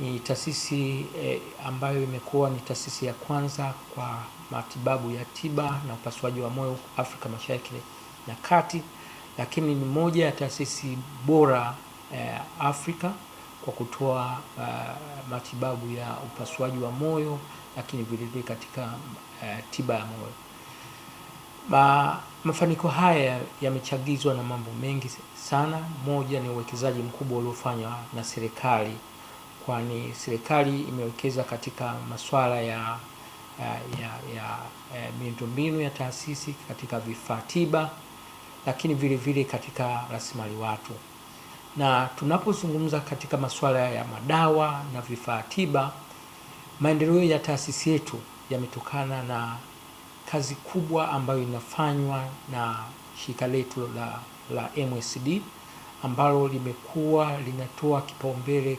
ni taasisi eh, ambayo imekuwa ni taasisi ya kwanza kwa matibabu ya tiba na upasuaji wa moyo Afrika Mashariki na Kati, lakini ni moja ya taasisi bora eh, Afrika kwa kutoa uh, matibabu ya upasuaji wa moyo, lakini vilevile katika uh, tiba ya moyo. Ma, mafanikio haya yamechagizwa na mambo mengi sana. Moja ni uwekezaji mkubwa uliofanywa na serikali kwani serikali imewekeza katika masuala ya ya, ya, ya eh, miundombinu ya taasisi katika vifaa tiba, lakini vile vile katika rasilimali watu. Na tunapozungumza katika masuala ya madawa na vifaa tiba, maendeleo ya taasisi yetu yametokana na kazi kubwa ambayo inafanywa na shirika letu la, la MSD ambalo limekuwa linatoa kipaumbele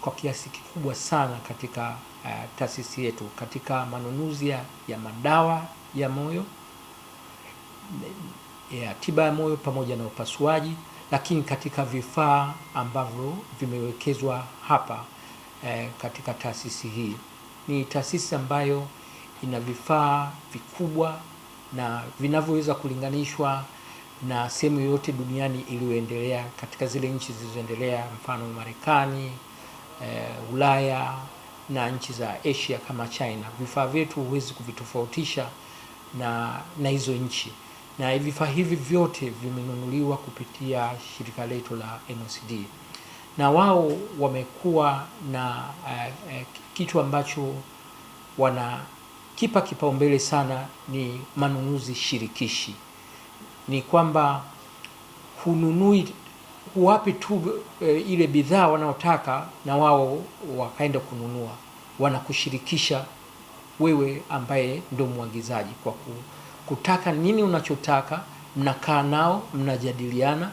kwa kiasi kikubwa sana katika uh, taasisi yetu katika manunuzi ya madawa ya moyo ya tiba ya moyo pamoja na upasuaji, lakini katika vifaa ambavyo vimewekezwa hapa uh, katika taasisi hii. Ni taasisi ambayo ina vifaa vikubwa na vinavyoweza kulinganishwa na sehemu yoyote duniani iliyoendelea, katika zile nchi zilizoendelea, mfano Marekani, e, Ulaya na nchi za Asia kama China. Vifaa vyetu huwezi kuvitofautisha na na hizo nchi, na vifaa hivi vyote vimenunuliwa kupitia shirika letu la MSD, na wao wamekuwa na e, kitu ambacho wanakipa kipaumbele sana ni manunuzi shirikishi ni kwamba hununui, huwapi tu e, ile bidhaa wanaotaka na wao wakaenda kununua, wanakushirikisha wewe ambaye ndo mwagizaji kwa kutaka nini unachotaka, mnakaa nao mnajadiliana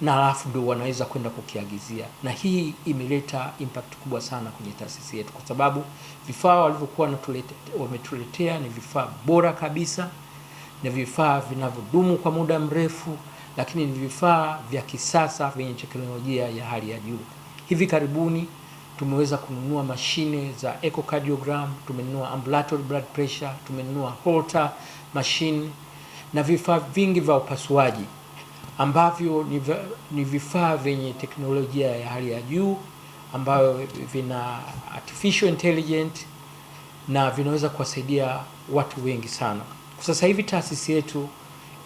na halafu ndo wanaweza kwenda kukiagizia, na hii imeleta impact kubwa sana kwenye taasisi yetu, kwa sababu vifaa walivyokuwa wametuletea ni vifaa bora kabisa ni vifaa vinavyodumu kwa muda mrefu, lakini ni vifaa vya kisasa vyenye teknolojia ya hali ya juu. Hivi karibuni tumeweza kununua mashine za echocardiogram, tumenunua ambulatory blood pressure, tumenunua Holter machine na vifaa vingi vya upasuaji ambavyo ni vifaa vyenye teknolojia ya hali ya juu ambayo vina artificial intelligent na vinaweza kuwasaidia watu wengi sana. Sasa hivi taasisi yetu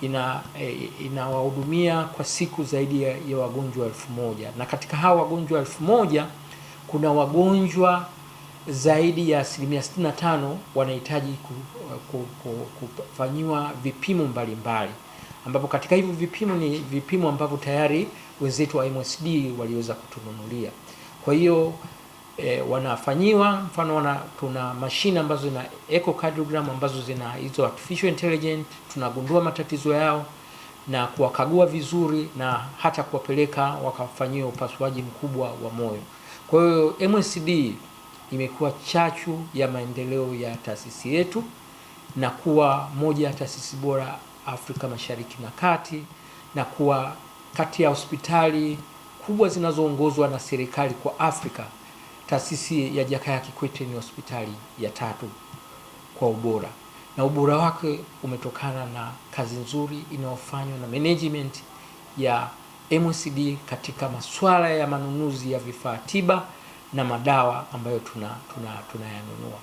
ina e, inawahudumia kwa siku zaidi ya, ya wagonjwa elfu moja na katika hawa wagonjwa elfu moja kuna wagonjwa zaidi ya asilimia 65 wanahitaji kufanyiwa vipimo mbalimbali, ambapo katika hivyo vipimo ni vipimo ambavyo tayari wenzetu wa MSD waliweza kutununulia. Kwa hiyo e, wanafanyiwa mfano wana, tuna mashine ambazo zina echocardiogram ambazo zina hizo artificial intelligent, tunagundua matatizo yao na kuwakagua vizuri na hata kuwapeleka wakafanyiwa upasuaji mkubwa wa moyo. Kwa hiyo MSD imekuwa chachu ya maendeleo ya taasisi yetu na kuwa moja ya taasisi bora Afrika Mashariki na Kati na kuwa kati ya hospitali kubwa zinazoongozwa na serikali kwa Afrika. Taasisi ya Jakaya Kikwete ni hospitali ya tatu kwa ubora na ubora wake umetokana na kazi nzuri inayofanywa na management ya MSD katika masuala ya manunuzi ya vifaa tiba na madawa ambayo tunayanunua tuna, tuna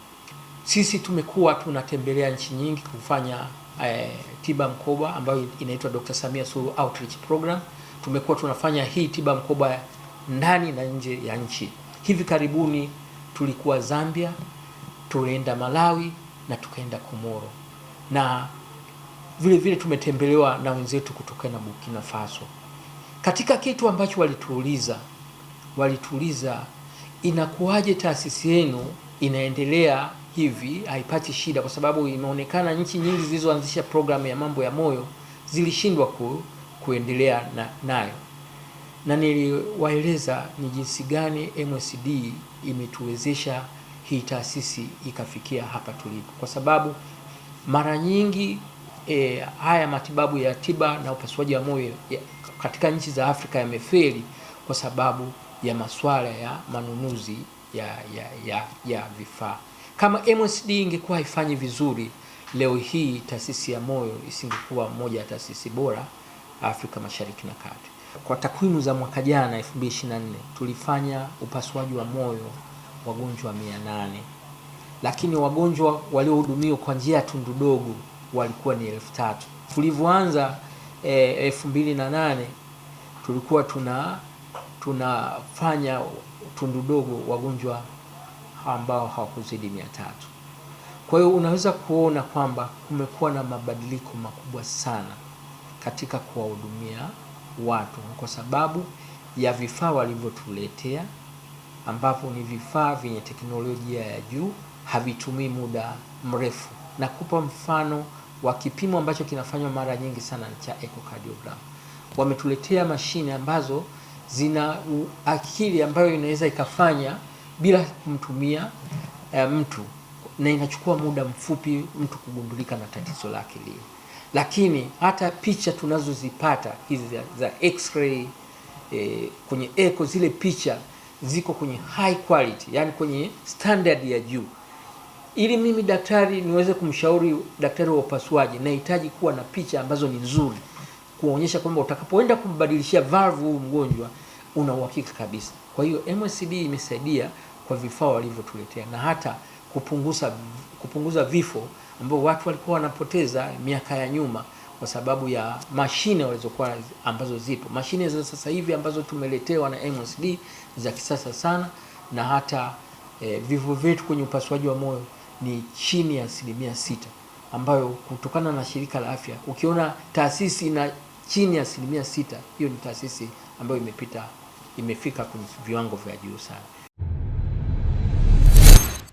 sisi tumekuwa tunatembelea nchi nyingi kufanya eh, tiba mkoba ambayo inaitwa Dr. Samia Suluhu Outreach Program. Tumekuwa tunafanya hii tiba mkoba ndani na nje ya nchi. Hivi karibuni tulikuwa Zambia, tulienda Malawi na tukaenda Komoro, na vile vile tumetembelewa na wenzetu kutoka na Burkina Faso. Katika kitu ambacho walituuliza, walituuliza inakuwaje taasisi yenu inaendelea hivi haipati shida, kwa sababu imeonekana nchi nyingi zilizoanzisha programu ya mambo ya moyo zilishindwa ku, kuendelea na, nayo na niliwaeleza ni jinsi gani MSD imetuwezesha hii taasisi ikafikia hapa tulipo, kwa sababu mara nyingi e, haya matibabu ya tiba na upasuaji wa moyo katika nchi za Afrika yamefeli kwa sababu ya masuala ya manunuzi ya, ya, ya, ya vifaa. Kama MSD ingekuwa haifanyi vizuri, leo hii taasisi ya moyo isingekuwa moja ya taasisi bora Afrika Mashariki na Kati. Kwa takwimu za mwaka jana 2024 tulifanya upasuaji wa moyo wagonjwa 800 lakini wagonjwa waliohudumiwa kwa njia ya tundu dogo walikuwa ni elfu tatu. Tulivyoanza e, elfu mbili na nane tulikuwa tuna tunafanya tundu dogo wagonjwa ambao hawakuzidi mia tatu. Kwa hiyo unaweza kuona kwamba kumekuwa na mabadiliko makubwa sana katika kuwahudumia watu kwa sababu ya vifaa walivyotuletea ambapo ni vifaa vyenye teknolojia ya juu, havitumii muda mrefu. na kupa mfano wa kipimo ambacho kinafanywa mara nyingi sana cha echocardiogram. Wametuletea mashine ambazo zina akili ambayo inaweza ikafanya bila kumtumia eh, mtu na inachukua muda mfupi mtu kugundulika na tatizo lake lile lakini hata picha tunazozipata hizi za x-ray e, kwenye echo zile picha ziko kwenye high quality, yani kwenye standard ya juu. Ili mimi daktari niweze kumshauri daktari wa upasuaji, nahitaji kuwa na picha ambazo ni nzuri, kuonyesha kwamba utakapoenda kumbadilishia valve huu mgonjwa una uhakika kabisa. Kwa hiyo MSD imesaidia kwa vifaa walivyotuletea na hata kupunguza kupunguza vifo ambao watu walikuwa wanapoteza miaka ya nyuma kwa sababu ya mashine walizokuwa ambazo zipo mashine za sasa hivi ambazo tumeletewa na MSD za kisasa sana, na hata e, vifo vyetu kwenye upasuaji wa moyo ni chini ya asilimia sita, ambayo kutokana na shirika la afya, ukiona taasisi ina chini ya asilimia sita, hiyo ni taasisi ambayo imepita imefika kwenye viwango vya juu sana.